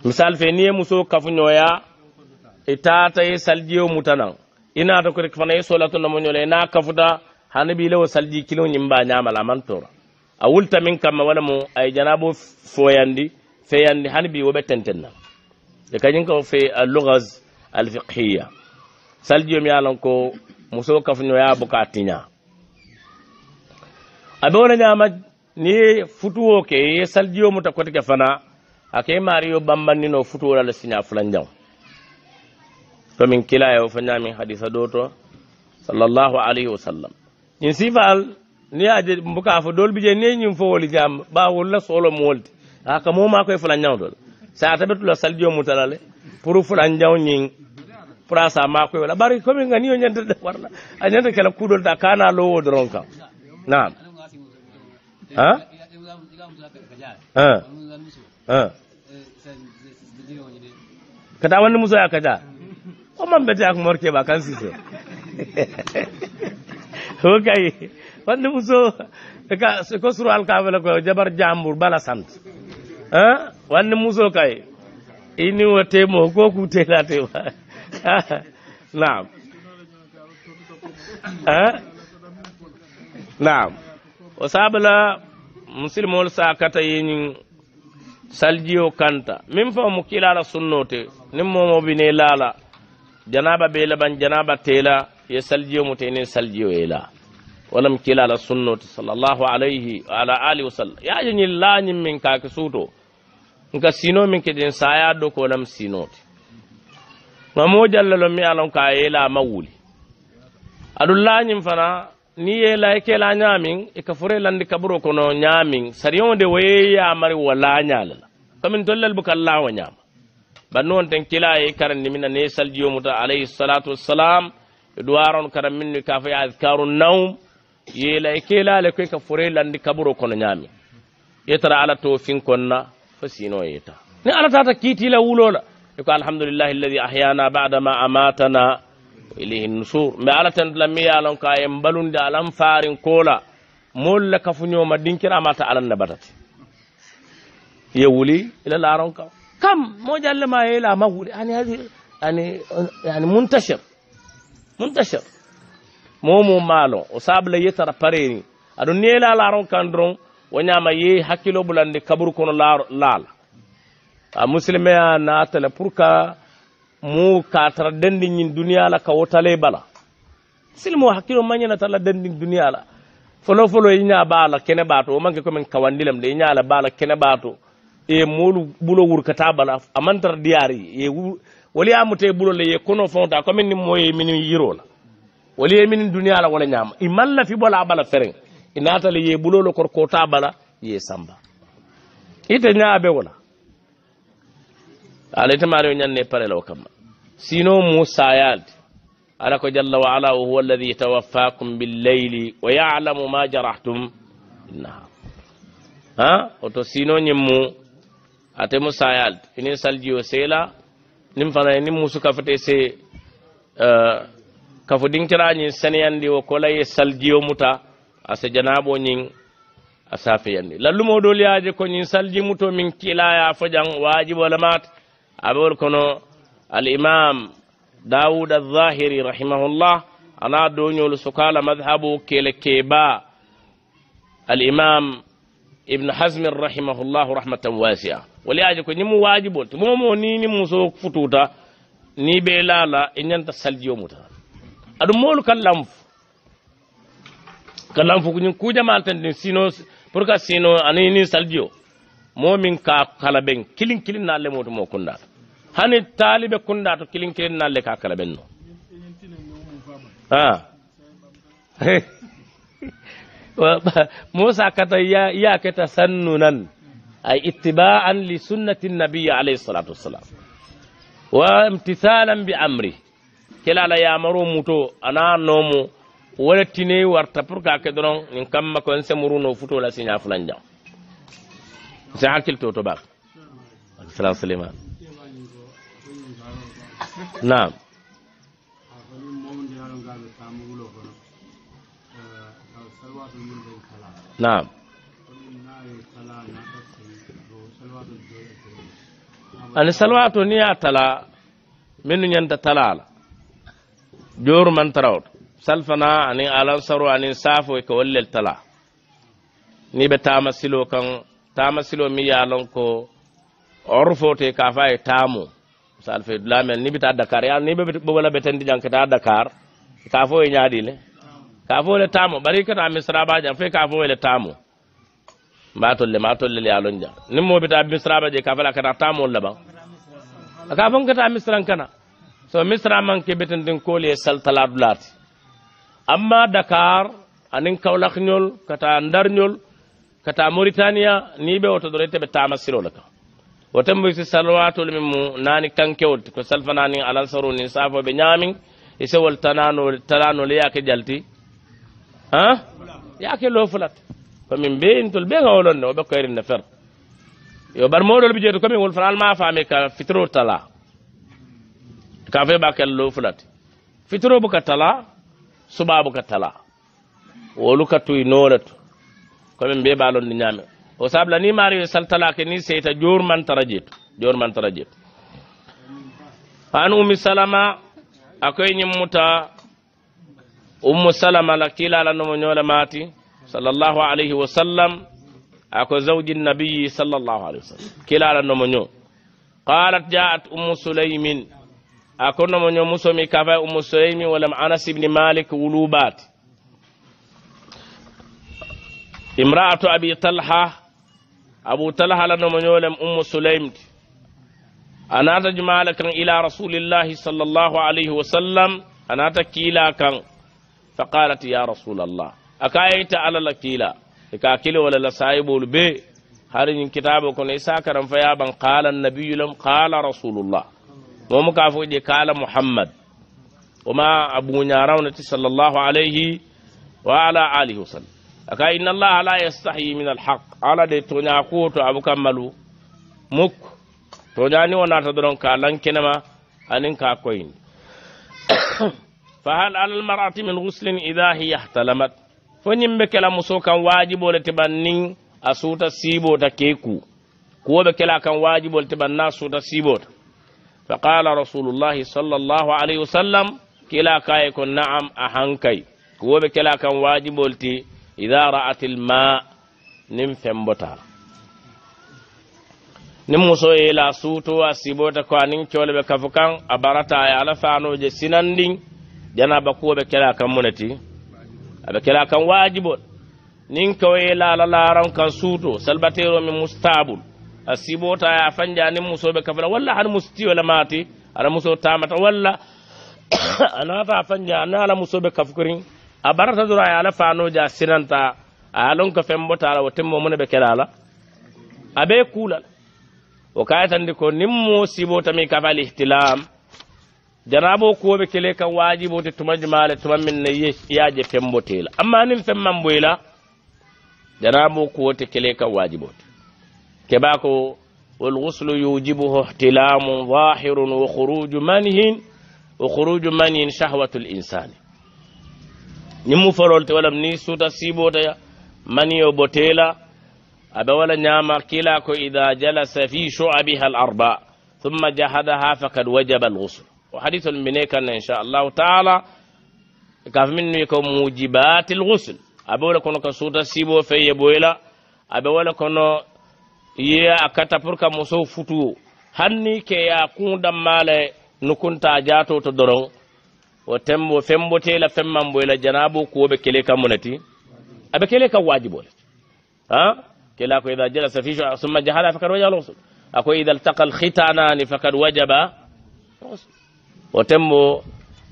misal fe niŋ kafu ñoyaa i ye saljiyo muta naŋ i naata ye solatu namo ñola i naa kafuta hani bi lewo salji kilo nyim ba nyama la man tora a wulta min kamma wala mu ay janabo foyandi feyandi hani bi wobe tentenna de kanyin ko fe al lughaz al fiqhiyya salji mi alan ko muso kafnyo ya bukati bukatinya abe wala ma ni futuwo ke saljiyo muta kotike fana ake mariyo bambandino futuwola la sinya fulanjaw to min kilayo fo nyami hadisa do to sallallahu alaihi wa sallam ñiŋ sifaal niŋ ye a je buka a fo doolu bi je niŋ ye ñiŋ fo wolu jaam baa wolu la soolo mu wolu ti a ka moo maa koye fulaŋ ñaŋo do la saata be tula salijoo muta la le pour fulaŋ jaŋo ñiŋ pour a saa maa wala bari comme nga niŋ yo ñanta de war la a ñanta ke la kuu doolu ta a loo wo doroŋ kaŋ naam ha han han ka taa muso ya ka jaa ko maŋ bete a kumor kee ba kaŋ siisee (laughs) (laughs) okay wande muso ka ko suru alkafele ko jabar jambur bala sante han wande muso kay ini wa temo ko ku tela te wa naam han naam o sabala muslimo sa kata yini saljio kanta min fa mo kilala sunnote nim momo bine lala janaba be laban janaba tela ya saljiyo mu ta tenen saljiyo ya yela walam kilala ta sallallahu alaihi wa ala alihi wa sallam yaje ñin laañin min kaake suuto nka sino min keden saya do ko lam sinoti ma mo jallalo mi alon ka yela ma wuli adu laañin fana ni yela ke la nyamin e ka fure landi kaburo kono ñaamin sariyon de waye ya yamari wo laañalala kamin tollel buka laawa ñaama bannu on ten kila ye ni mina ne saljiyo muta alaihi salatu wassalam دوارون كرام مني كافي أذكار النوم يلاي كلا لكوي كفوري لاند كبرو كون نيامي يترى على توفين كوننا فسينو يتا ني على تاتا كيتي لا وولولا يقول الحمد لله الذي أحيانا بعدما أماتنا إليه النصور ما على تن لمي يالون كايم بلون دي ألم فارين كولا مول لك فنيو مدين كرا ما تعلن نباتات يولي إلى الأرون كم مو جال ما يلا ما أني يعني هذه أني يعني-, يعني منتشر muntashir momo malo o sabla yetara pareni adu nela laron kan doron ma ye hakilo hakkilo ɓulande kaburu kono laala a musilme a natale pour que mu ka tara dendi ñin duniya la ka wotale bala silmo hakkilo mañanatala dendi duniya la folo folo i ña baala kene bato o manke komin kawandilam de i ñala baala kene ɓaato e moolu ɓulo wurkata bala amantara diyari e wali ya mutai bulo le ye kono fonta ko min moye ye min yiro la wali ye min duniya la wala nyama la fi bola bala fereng inata le ye bulo lo kor kota bala ye samba ite be wala ala ite mari ne pare law kam sino musa yal. ala ko jalla wa ala huwa alladhi tawaffakum bil layli wa ya'lamu ma jarahtum nahar ha oto sino nyemmu ate musa yal ini saljiyo sela nin fana nin musu kafate se eh, kafu dinkirañin seneyandi wa kola ye saljiyo muta ase janabo ñin a safeyandi lallumo dol yaje ko ñin salji muto min kilaya fojan wajibo lamat aɓewol kono al'imam dawud al-zahiri rahimahullah ana doñol sukala madhabu kele keba al'imam ibn hazmin rahimahullah rahmatan wasi'a wali aji ko nimu waji bolti momo ni ni muso fututa ni be lala e nyanta saljiyo muta adu molu kallamf kallamf ko nyin kuja maltan din sino pour ka sino ani ni saljiyo momin ka kala ben kilin kilin na le moto mo kunda hani talibe kunda to kilin kilin na le ka kala ben no ha ah. (laughs) mosa kata ya ya kata sannunan أي اتباعا لسنة النبي عليه الصلاة والسلام وامتثالا بأمره كلا لا يامرو موتو أنا نومو ولا تيني وارتا بركا كدرون إن كم ما كون سمرو نوفتو لا سينا فلان جاو سعاكل توتو باك السلام سليمان نعم نعم ani salwato ni ya tala minnu ñanta tala la jooru man tarawt salfana ani anin saru ani safo ko wallel tala ni be tama silo kan tama silo mi ya lon ko orfote ka fay tamu salfe la mel dulamen ni ɓita dakar ya ni be ɓe ɓowala ɓe tendi janketa dakar ka fo e ñaaɗi le ka fo le tamo ɓari kata misrabajan fe ka fo le tamu mbatol le matol le yalon ja nim mo bita misra ba je kafala kana tamol la ba aka fon kata misran kana so misra man ke beten den kole saltaladu lati amma dakar anin kawlak ñol kata ndar ñol kata mauritania ni be woto dore tebe tama siro la ka woto mbi si salwatol min mu nani kankewol ko salfanani alansaru ni safo be ñamin ise wol tanano tanano le yake jalti ha yake lo fulat komin beyintol ɓe gawolonne o ɓekkoyrin ne fer yo ɓar moɗol ɓe jeeyto commin wolfata alma faami ka fitro tala ka fe ɓakel low fulat fitro boka tala suɓa boka tala wolu kattuy nolato komin mbe ɓalonde ñaame o sabla ni maario sal talake ni seyta jorman tara jeeto jorman tara jeeto an umi salama akoye ñimmuta ummu salama la kiilala nomo ñoole maati صلى الله عليه وسلم أكو زوج النبي صلى الله عليه وسلم كلا نمنيو قالت جاءت أم سليم أكو نمنيو مسومي كفا أم سليم ولم أنس بن مالك ولوبات امرأة أبي طلحة أبو طلحة لنمنيو لم أم سليم أنا تجمع لك إلى رسول الله صلى الله عليه وسلم أنا تكيلا كان فقالت يا رسول الله akayita alala kila ka kile wala la sahibul be har yin kitabo kono isa karam fa ya ban qala annabiyyu lam qala rasulullah ka fo kala muhammad وما أبو نيارون صلى الله عليه وعلى آله وسلم أكا إن الله لا يستحي من الحق على دي تونياكو تو أبو كمالو مك تونياني وناتا درون كالان كنما أنين كاكوين (coughs) فهل على المرأة من غسل إذا هي احتلمت fo ñiŋ be muso kan waajiboo le ti asuta sibo a keku siiboota kee ku kuwo be kela kaŋ waajiboo le ti asuta sibo a suuta fa qala rasulullahi sallallahu alaihi wa sallam kila kaye ko na'am a hankai, kuwa be kela kan waajiboo le ti ida ra'at ilma niŋ fembota nim muso e la suto a ta ko anin coole be kafukan abarata a barata a ala je sinandin janaba kuwo be kela kaŋ mu aɓe kela kan wajibol nin kawoye laala laran kan suto salbatero min mustabul a ya fanja nin musobe kafala walla han wala mati ara muso tamata walla (coughs) anata fanja na ala musobe kafkirin a barata doro a ye ala fanoje a sinanta a ye lon ka fen botala wo temmo mune ɓe kela la a ɓe ko nin mo mi kafali ihtilam janabo kuwoɓe kele kan waajibote tuma jumale tuma min ne yaje fembotela amma nin fen man boyla janabo kuwote kele kan waajibote keɓa ko والغسل يوجبه احتلام ظاهر وخروج منه وخروج منه شهوة الإنسان نمو فرولت ولم نيسوتا سيبوتا منيو بوتيلا أبا ولا نعم كلاكو إذا جلس في شعبها الأربع ثم جهدها فقد وجب الغسل وحديث من كان إن شاء الله تعالى كاف من يكون موجبات الغسل ابو كونو كسوتا سيبو في يبويلا ابو كونو يا أكتا بركا مسو فتو هني كي يكون دمال نكونتا جاتو تدرون وتم فمبوتي لا فمم بويلا جنابو كوبي كليكا منتي أبي كليكا واجبو ها كو إذا جلس في ثم جهل فكر وجب الغسل أكو إذا التقى الختانان فقد وجب الغسل o tembo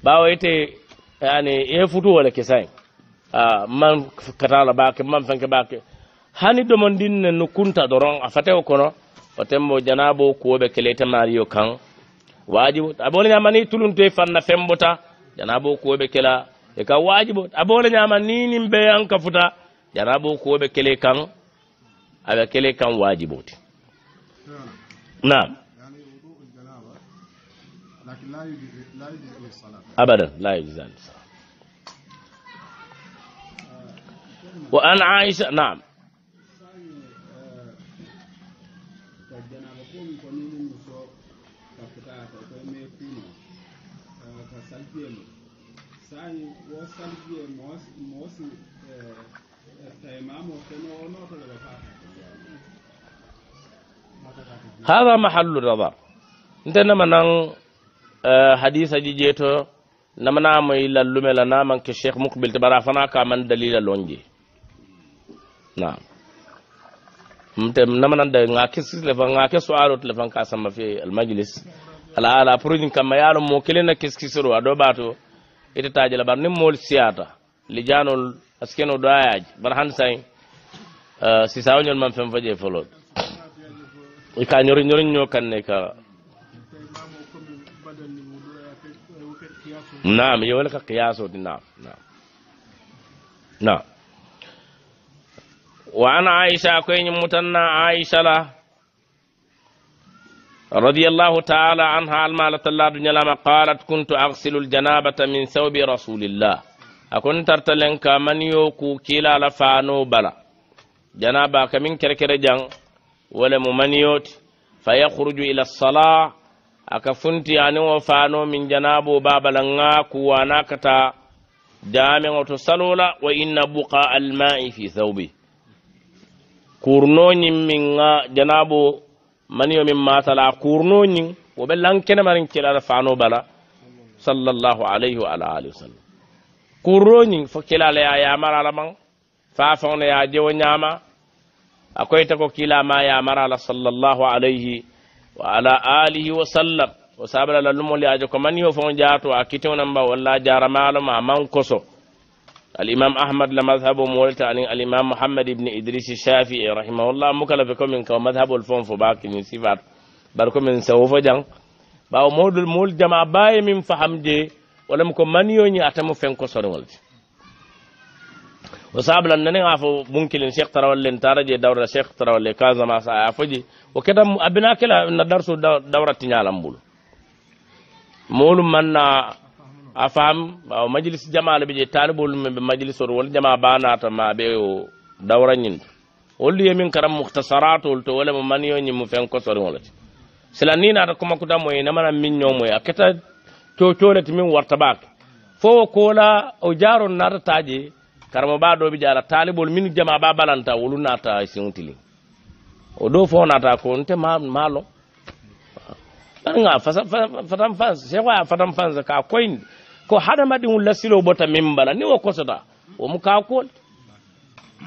bawayte yani yefutu wole kesayi man katala bake man fenke bake hani domondinne no kunta doron a fatewo kono o tembo janabo kuwoɓe kelete mario kan wajibo abole ñamani tulunto e fanna fembota janabo kuwoɓe kela e ka wajibo abole ñama ninin beyan ka futa janabo kuwoɓe kele kan aɓe kele kan wajibote naam yeah. ابدا لا يجزان وأن عائشة نعم sai wo هذا محل النظر انت انما Eh, hadisa ji jeto na mana mai lallume la na namanke cheikh mukbil te bara fana ka man dalila longi na mte na da nga ga kesile fa nga ke soalo tele fan ka fi al majlis ala ala projet kamma yaalo mo kelena keskisiro ado bato ita tajala bar ni mol siata li lijanol askeno ɗo bar han say eh, si sawnyon man fen faje folot ikanyori nyori ñoriño kanne ka نعم لك قياس نعم نعم نعم وعن عائشة كين متنا عائشة لا رضي الله تعالى عنها المالة الله دنيا لما قالت كنت أغسل الجنابة من ثوب رسول الله أكون ترتلن كمن يوكو كلا لفانو بلا جنابة كمن كركر جن ولم من يوت فيخرج إلى الصلاة aka funti ani wo fano min janabo babala nga nakata kata dameŋo to salola wa inna buka almai fi thawbi kurnoñin min ŋa janabo maniyo min matala kurnoñin wo be lankenemarin da fano bala sallallahu alayhi wa ala alihi wa sallam kurroñin fo kilala ya la man fa ne ya nyama ñama ta ko mara la sallallahu alayhi وعلى آله وسلم وسابر للمو لأجو كمان يوفون جاتوا أكتو نمبا والله جار ما من كسو الإمام أحمد لمذهب مولت عن الإمام محمد بن إدريس الشافعي رحمه الله مكلفكم من مذهب الفون فباك نسيفات بركم من سوف جن باو مول المول جمع باي من فهم جي ولم كن من يوني أتمو فين كسر نولت وصاب لنن عفو ممكن الشيخ ترى ولا انتارجي دور الشيخ ترى ولا كازا ما سافجي وكذا أبناء كلا ندرس دورة تنيالهم بول مول من آه، أفهم أو آه، مجلس جماعة بيجي تارب بول مجلس رول جماعة بانا تما بيو دورة نين أولي يمين كرام مختصرات أولت ولا مماني يني مفهوم كسر ولاش سلاني نارك كم كدا موي نما من يوم موي أكتر تو تو لتمين ورتباك فو كولا أو نار تاجي كرام بعد بيجي على تارب بول مين جماعة بابا لانتا ولو ناتا يسون تلين o ɗo fo nata ko nte ma malo ɓarga fatan fans seko ya fatan fans ka koyni ko haɗamaɗiŋu lasilo ɓota min bala ni wo kosota womo ka kool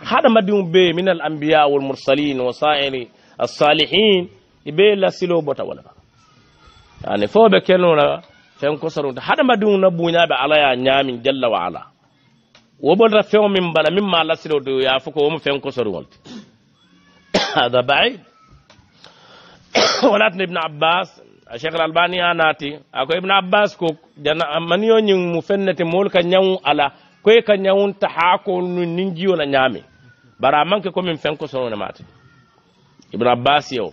haɗamaɗiŋu be min al ambiya wal mursalin wa sa'iri assalihin ibe lasilo ɓota wala ba yani fo ɓe kenora fen kosorunta haɗamaɗiŋu na buñaɓe ala ya ñamin jalla wa ala wo ɓota feŋo min bala min ma lasilo to ya fo ko womo fen kosoruŋolti (coughs) هذا بعيد wonatni ibne abbas cheikh l albani a naati ako ibne abbas ko maniyo ñing mu fennete moolu ka ñawu ala koye ka ñawunta haa ko nu nin jiyona ñaami bara manque komin fenko sonone maati ibne abbas yew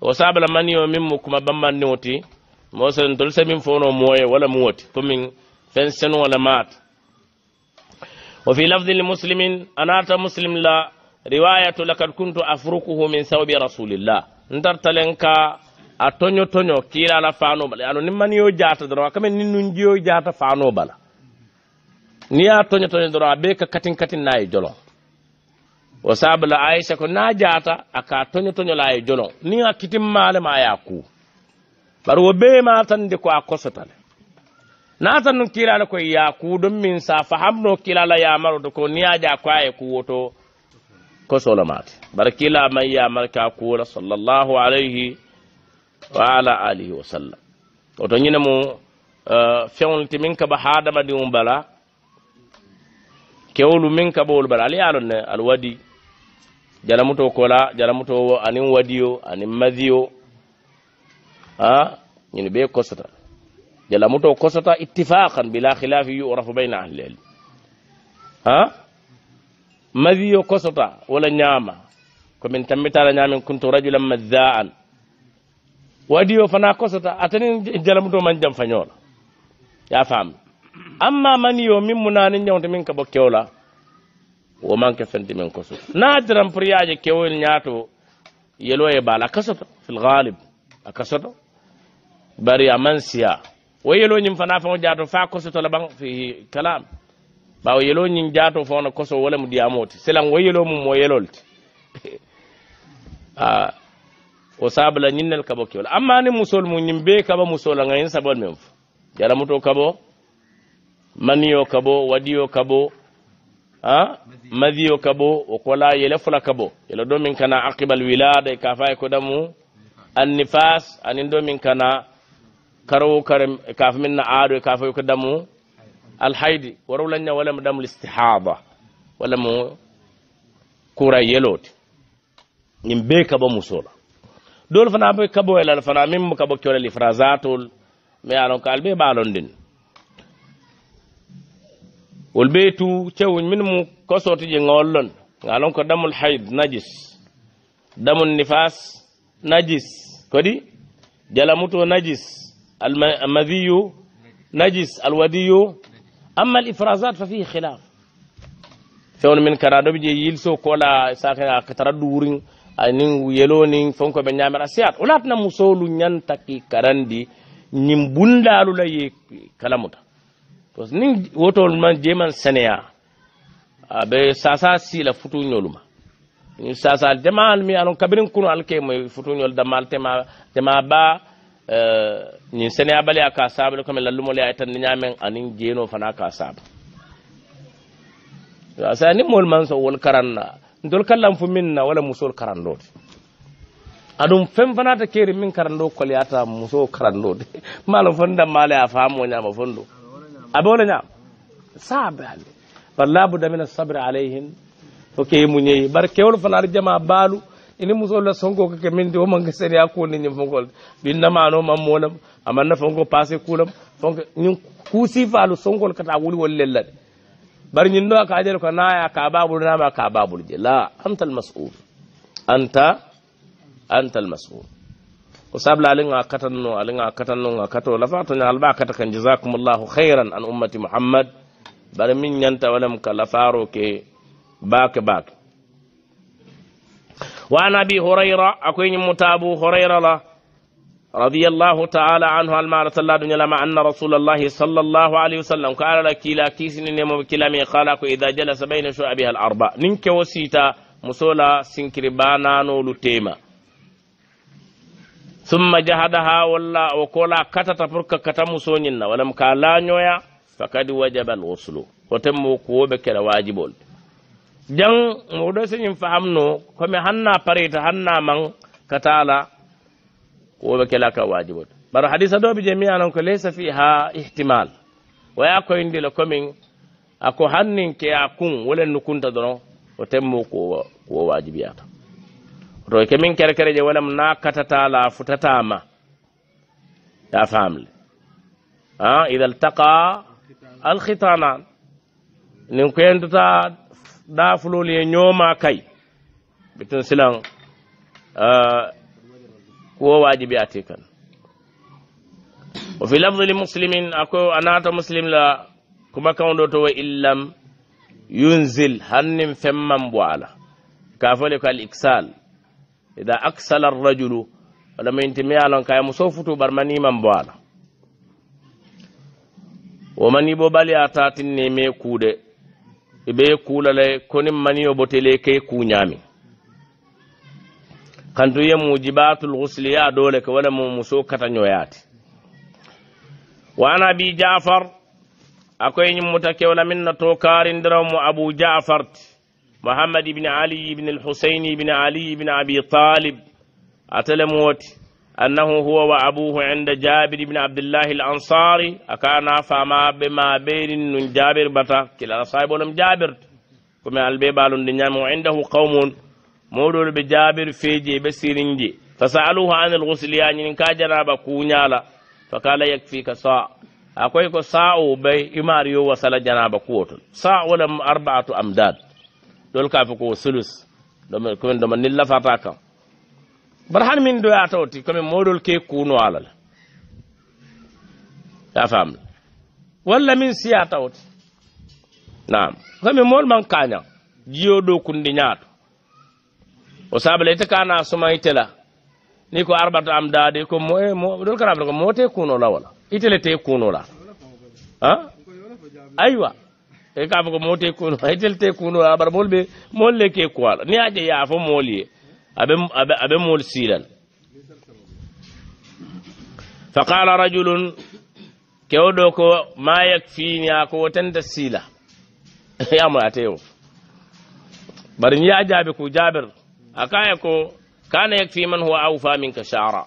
o sabala maniyo min mu kuma bambanniwo ti mo sen tol se min fono mooye wala muwoti komin fen senuwo le maati wa fi lafdi anata muslim la riwayatu lakad kuntu afrukuhu min sawbi rasulillah ntartalen ka a toño toño kila la faano bala ano nin yo jaata dara kame ni nun jiyo jaata faano bala ni ya toño toño dara a ka katin katin na jolo wa sabla aisha ko na jaata a ka toño toño la ye ni a kitim male ma ye a ku bari wo be ma de ko a na le naata nun kiila la ko ye a ku don min sa fahamno kila la yamaro to ko ni ya ja ku woto kosola mate bara kila man yamar ka kuwola sallllahu alayhi wa ala alihi wa sallam oto ñine mu feŋol ti min kaba hadamadiŋo bala kewolu min kabowolu bala ali ye a loŋ ne ali wadi jalamuto kola jalamuto aniŋ wadiyo aniŋ madiyo a ñinu bee kosota jalamuto kosota ittifaqan bila khilafi yurafu bayna ahli ilmi a madiyo kosota wala ñaama komin tammitala ñamin kuntu rajulan mazaan wadiyo fana kosota atani jalamuto man jam fañola ya faami amma maniyo min munani ñawta min ka bo kewla man manke fenti min kosota nadiran pour yaje kewol ñaato yeloye baala a kosota fil galib a kasota bari a man siya wo yeloñim fana faŋo jato fa kosota la labaŋ fi kalam ɓawa yelo ñin jaato fawna koso wala mu diyamoti silan wo yelo mum mo yelolte a (laughs) ah, o sabla ñinnel kaɓo kewol amma ni musol mu ñin be kaɓa musola ga hen sabol men fo jaramuto kaɓo maniyo kaɓo waɗiyo kaɓo a ah, madiyo kaɓo o kola yele fula kaɓo yele ɗo min kana aqibal wilada e kafa e koɗamu annifas anin ɗo min kana karowo kare e kafa min na aɗo e kafa e koɗamu alhaidi warulanya wala damu listihaba wala mu kura yelot nim be kaba musola dol fana be kabo elal fana mim mu kabo kyole lifrazatul me alon kalbe balon din wol be tu min mu kosoti je ngolon ngalon ko damul haid najis damun nifas najis kodi jalamuto najis almadhiyu najis alwadiyu amma alifrazat fa fihi khilaf fewon min kana do je yilso kola sakana katara durin anin yelo nin fonko be nyamara siat ulat na musolu la ye kalamuta to nin wotol man la futu nyoluma kabirin kunu alke mo futu nyol ñiŋ seneya baliya ka saabu le komi lallumolu ye a yitandi ñaameŋ aniŋ jeenoo fanaŋ ka saabu asa niŋ moolu maŋ so wolu karaŋ na ntolu ka lanfu miŋ na wala musolu karandoo ti aɗum fana ta keeri min karando kolyata muso karandode (laughs) mala fonda mala a faamo ñama fondo aɓe wala ñama saabe alle walla buda min asabri alayhim fo ke muñeyi bar kewol fanaata jama baalu ini muso la songo ke min do man ke seri ko ni nyum fonko bin na mano mam molam aman na fonko passé kulam fonko ni kusi falu sonko kata wuli wol lella bari ni do ka jere ko na ya ka babul na ma ka babul je la anta al mas'ul anta anta al mas'ul ko sabla ali nga katanno ali nga no nga kato la fato nyal ba kata kan jazakumullahu khairan an ummati muhammad bari min nyanta walam ka lafaro ke ba ke. وعن أبي هريرة أكوين متابو هريرة لا رضي الله تعالى عنه المعنى الله دنيا لما أن رسول الله صلى الله عليه وسلم قال لك لا كيسن نمو قال لك إذا جلس بين شعبها الأربع ننك وسيتا مسولا سنكربانا نولو تيما ثم جهدها ولا وكولا كتا تفرك كتا مسونينا ولم كالا نويا فقد وجب الوصل وتم وقوبك واجب jang oɗo señin faamno komi hanna parita hanna man ka taala woɓe kelaka wajibot bara hadis adoɓe je miyanon ko laysa fi ha ihtimal waya koyndila komin ako hannin keya kun wolen no kunta doron o temmo kowo wajibiyata to kemin kerekere je walam na katatala futatama ya famle ah, ida altaqa alkhitanan nin koyentuta ɗaafulol ye ñooma kay ɓe tun silan kuwo waajibi ati kan o fi lafdili muslimin ako a naata muslim la kuma kawndo to wo illam yunzil hannin femman bo ala ka fole ko al ixal ida axala rajulu walla mayinti mi yalon kaye muso futu ɓarmaniman bo ala womani bo baliya tatinni me kuude ibe kula le konin maniyo botele ke ku ñaami kantu ye mujibatul gusli ya dole ke wala mu muso kata nyoyati wa an abi jafar akoy nyum muta wala min to karindiraw mu abu jafar ti mohammad ibne ali ibne alhusaini ibne ali ibne abi talib atelem أنه هو وأبوه عند جابر بن عبد الله الأنصاري أكان فما بما بين من جابر بطا كلا صاحب لم جابر كما البيبال دنيام وعنده قوم مولول بجابر في فيجي بسيرنجي فسألوه عن الغسل يعني إن كاجنا كونيالا فقال يكفيك صاع أكوي صاع بي إماريو وصل جناب كوت صاع ولم أربعة أمداد دول كافكو سلس دومن دومن نلا فتاكم bara hani min doya taw ti comme moɗol ke kuno ala la ya famla walla min siya taw ti nam comme mool man kaña jiyo ɗo kundi ñaato o saabala ite kana suma itela ni ko arbato am daade ko mo ɗol eh, karabata ko moote kuno la wala itele te kuno la a aywa e kaba ko moote kuno (laughs) itele te kuno la bara mool ɓe mool le ke kuwala ni aƴe yaa fo mooliye أبن مرسيلا فقال رجل كودوكو ما يكفيني أكو تند تندسيلا (laughs) يا مراتيو برني يا جابكو جابر أكايكو كان يكفي من هو أوفى منك شعرا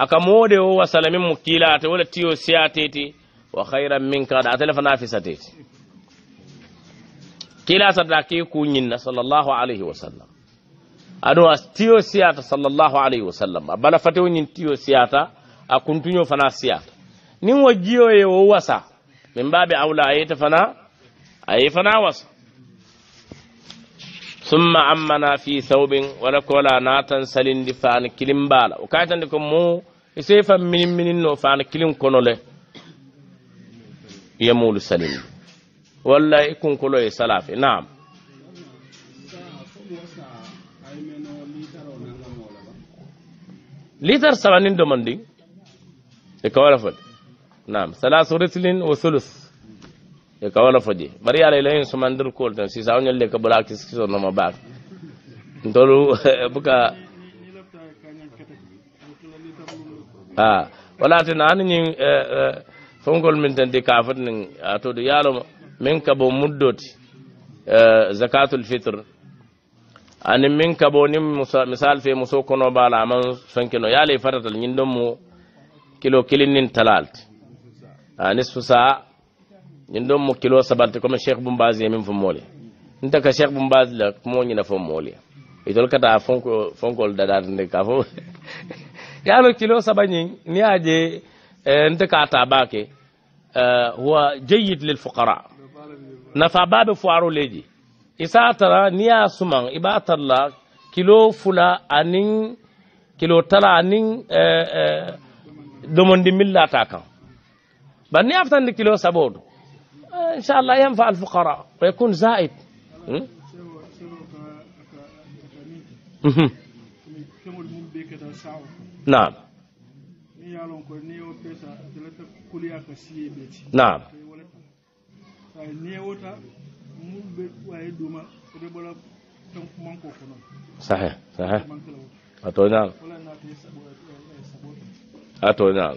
أكمودي هو سلم مكيلات ولا تيو سياتيتي وخيرا منك أتلف نافستيتي كلا صدقي كونين صلى الله عليه وسلم aɗo a tiyo siyata sallllahu alayhi wa sallam a balafatewo ñin tiyo siyata a kuntuño fana siyata nin wo jiyoye wo wasa min mbaɓe awla a yeyta fana a yey fana wasa summa ammana fi thawbin wala kola natan salindi fana kilim mbala o kaytandi ko mo isey e fan minin mininno fana kilin konole yamulu salindi wallay e kunkoloye salafe nam litar salanin da mandi ya e kawo lafad na salasu ritlin wa sulus ya e kawo lafadi bari yare ilayin su mandir kultan si sa'on yalle ka bulaki su kisa nama ba ntolu (laughs) buka ha wala ta na hannun yin eh, eh, fungol mintan di kafin a to da yalo min ka bo muddoti eh, zakatul fitr anin min kabo nin misal fe muso kono bala aman no yale fatatal ñin ɗon mu kilo kilin nin talalti a nisfu saa ñin ɗon mu kilo sabalti comme cheikh bumbas ye min fo moole nta ka cheikh bumbas la kumo ñina fo moole itol kata fonko da dadatinde ka fo (laughs) yalo kilo saba ñin ni a je nta ka ta bake e, huwa jeyid lil fuqara nafa baɓe foiro leji isa tara ni ya suman iba talla kilo fula anin kilo tala anin eh, eh, domondi milla ta kan ba ni ni kilo sabo do yan yanfa fuqara wa yakun zaid نعم hmm? نعم mhm. صحيح صحيح أتونال أتونال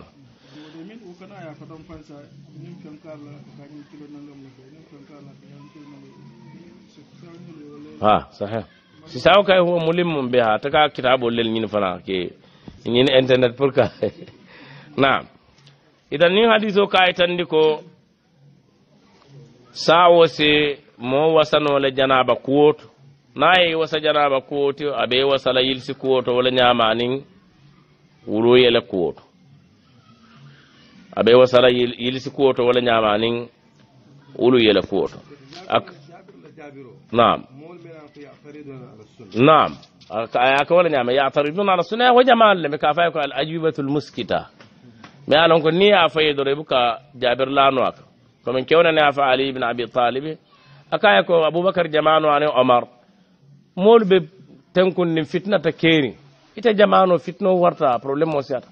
ha sahe sisawo kay huwa mulimmum biha taka kitabol lel ñin fana ke ñin internet pour (laughs) ka naam idan ni hadis o kayitandi ko sawo si mo wasano le janaba kuwoto na ye wasa janaba kuwoto abe wasala yilsi kuwoto wala ñamanin wuro yele kuwoto abe wasala yilsi kuwoto wala ñamanin wulu yele kuwoto ak naam naam ayaka wala ñama yatariduna ala sunna wa jamal le ka fay ko al ajwibatu al muskita mi alon ko ni ya faydoro ibuka jabir lano ak comme kewna ne afa ali ibn abi talib akaya ko aboubacar jamano ani omar molu ɓe tenkunni fitnata keeri ita jamano fitno warta probléme o siyata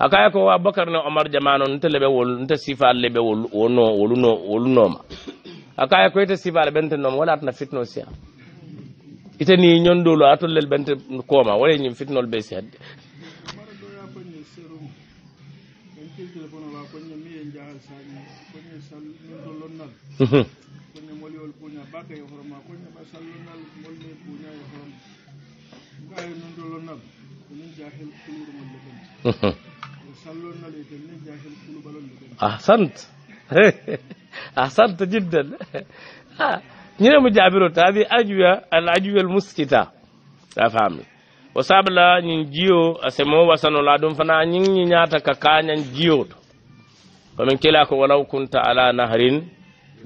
akaya ko aboubacar ne omar jamano nte leɓe wol nte sifaale leɓe wolno woluno wolunoma akaya ko ita sifaale ɓente nooma wala atana fitno siya ita ni ñondolo a tollel ɓente kooma wala ñim fitnole ɓe siyat de Mm-hmm. (laughs) ahsant (laughs) ahsant jiddan (laughs) ah, ñine mo jaabirota hadi ajwa al ajwa al muskita a faami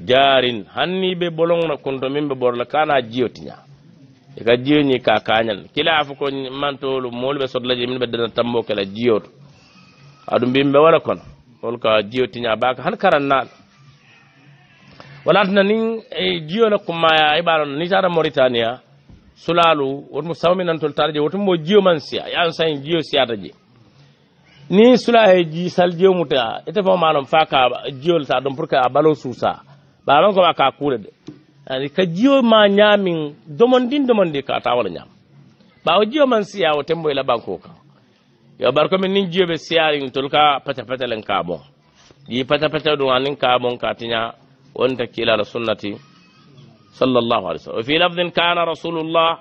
jarin hanni ka jiyo ni ka kanyal kila afu ko mantolu moolu ɓe sotla je min ɓe dana tambo kala jiyo to aɗum mbimɓe wala kon hol ka jiyo tinya tiña baka han karannal wala tan ni e, jiyo la kuma ya ibaron e, ni sara mauritania sulalu sawmi nan tol tarje wotum wotomo jiyo man siya yan sayin jiyo siyata je ni sula he ji sal jiyo muta ete fo malon fa ka jiyol sa dum pour que a ɓalo suusa ko ba ka kuule de ani ka jiyo ma ñaamin domondin domondi ka tawala ñaam ɓaawo jiyo man siya o tembo ila banko kan yo bar min nin jiyo ɓe siyarin tol ka pata pata len ka bon yi pata pata ɗum anin ka bon ka tiña wonta kiilala sunnati sallllahu alih w sallam o fi lafdin kana rasulullah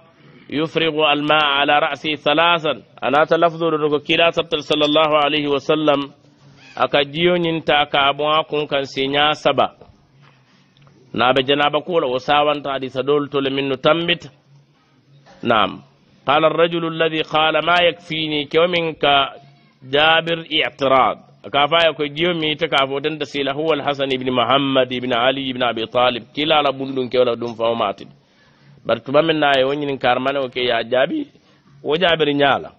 يفرغ الماء على رأسه ثلاثا أنا تلفظ لنكو كلا سبتل صلى الله عليه وسلم أكا جيو ننتا كابوا كون كان سينيا سبا نابي جناب كولا وساوان تادي سدول تول منو تمبت نعم قال الرجل الذي قال ما يكفيني كومنك جابر اعتراض كافا يكو ديومي كافو تندسيل هو الحسن بن محمد بن علي بن أبي طالب كلا لبندن كولا دون فوماتد برتبا من ناي ونين كارمان وكي يا جابي وجابر نيالا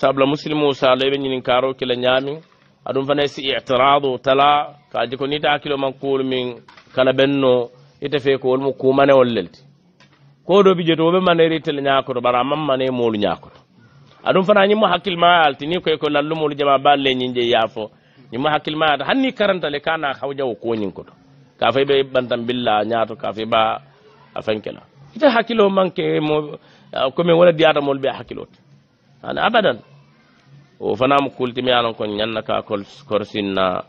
sabla muslimu وصالي ñinin karo كلا ñamin أدون فنسي اعتراض وطلا كاجيكو نتاكلو من قول من kana benno ite fe ko wolmo kumanewol lelti ko ɗo bi jeto woɓe maneri tel ñakoto bara amman mane molu ñakoto aɗum fana ñimmo hakkillema altini koye ko lallumolu jama balle ñinje yaafo ñimmo hakkillema ata hanni karantale kana hawjawo koñin koto ka fay ɓe ɓantan billa ñaato ka fay ba a fenkela ite hakkilo manque mo komin wona diyatamol ɓe hakkilote ana abadan o fanamo kultimi anon kon ñanna ka korsinna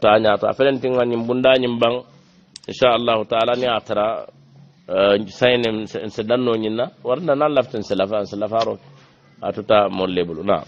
ta ñaata a fenentinga ñim bundañim ɓang incha allahu taala ni atara sayne en si ɗannoñinna warda nan laften si lafa si lafaro a tuta mollebulu naam